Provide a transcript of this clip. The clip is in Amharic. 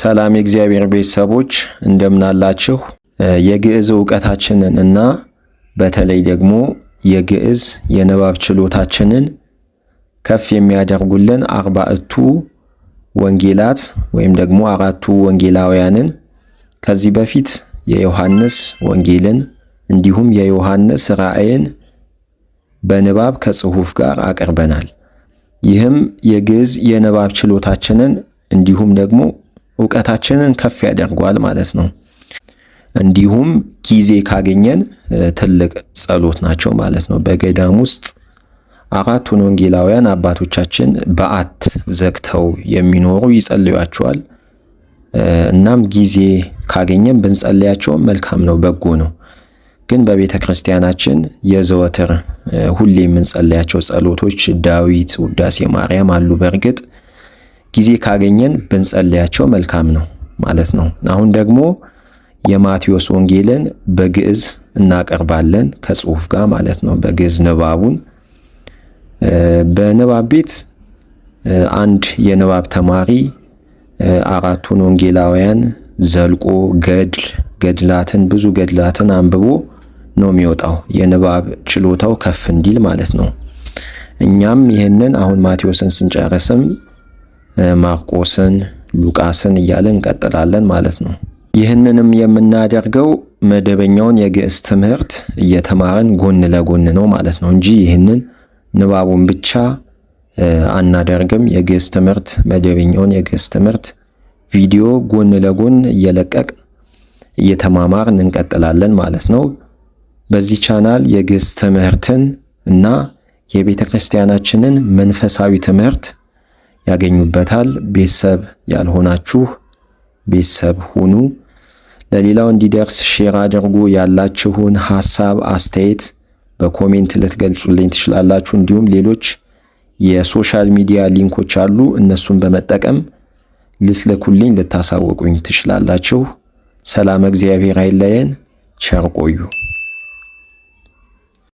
ሰላም የእግዚአብሔር ቤተሰቦች እንደምናላችሁ። የግዕዝ እውቀታችንን እና በተለይ ደግሞ የግዕዝ የንባብ ችሎታችንን ከፍ የሚያደርጉልን አርባዕቱ ወንጌላት ወይም ደግሞ አራቱ ወንጌላውያንን ከዚህ በፊት የዮሐንስ ወንጌልን እንዲሁም የዮሐንስ ራእይን በንባብ ከጽሑፍ ጋር አቅርበናል። ይህም የግዕዝ የንባብ ችሎታችንን እንዲሁም ደግሞ እውቀታችንን ከፍ ያደርጓል ማለት ነው። እንዲሁም ጊዜ ካገኘን ትልቅ ጸሎት ናቸው ማለት ነው። በገዳም ውስጥ አራቱን ወንጌላውያን አባቶቻችን በዓት ዘግተው የሚኖሩ ይጸልያቸዋል። እናም ጊዜ ካገኘን ብንጸልያቸውም መልካም ነው፣ በጎ ነው። ግን በቤተ ክርስቲያናችን የዘወትር ሁሌ የምንጸልያቸው ጸሎቶች ዳዊት፣ ውዳሴ ማርያም አሉ በእርግጥ ጊዜ ካገኘን ብንጸልያቸው መልካም ነው ማለት ነው። አሁን ደግሞ የማቴዎስ ወንጌልን በግዕዝ እናቀርባለን ከጽሁፍ ጋር ማለት ነው። በግዕዝ ንባቡን በንባብ ቤት አንድ የንባብ ተማሪ አራቱን ወንጌላውያን ዘልቆ ገድል ገድላትን ብዙ ገድላትን አንብቦ ነው የሚወጣው። የንባብ ችሎታው ከፍ እንዲል ማለት ነው። እኛም ይህንን አሁን ማቴዎስን ስንጨርስም ማርቆስን፣ ሉቃስን እያለ እንቀጥላለን ማለት ነው። ይህንንም የምናደርገው መደበኛውን የግዕዝ ትምህርት እየተማርን ጎን ለጎን ነው ማለት ነው እንጂ ይህንን ንባቡን ብቻ አናደርግም። የግዕዝ ትምህርት መደበኛውን የግዕዝ ትምህርት ቪዲዮ ጎን ለጎን እየለቀቅ እየተማማርን እንቀጥላለን ማለት ነው። በዚህ ቻናል የግዕዝ ትምህርትን እና የቤተ ክርስቲያናችንን መንፈሳዊ ትምህርት ያገኙበታል። ቤተሰብ ያልሆናችሁ ቤተሰብ ሁኑ። ለሌላው እንዲደርስ ሼር አድርጉ። ያላችሁን ሐሳብ አስተያየት በኮሜንት ልትገልጹልኝ ትችላላችሁ። እንዲሁም ሌሎች የሶሻል ሚዲያ ሊንኮች አሉ። እነሱን በመጠቀም ልትልኩልኝ ልታሳውቁኝ ትችላላችሁ። ሰላም፣ እግዚአብሔር አይለየን። ቸር ቆዩ።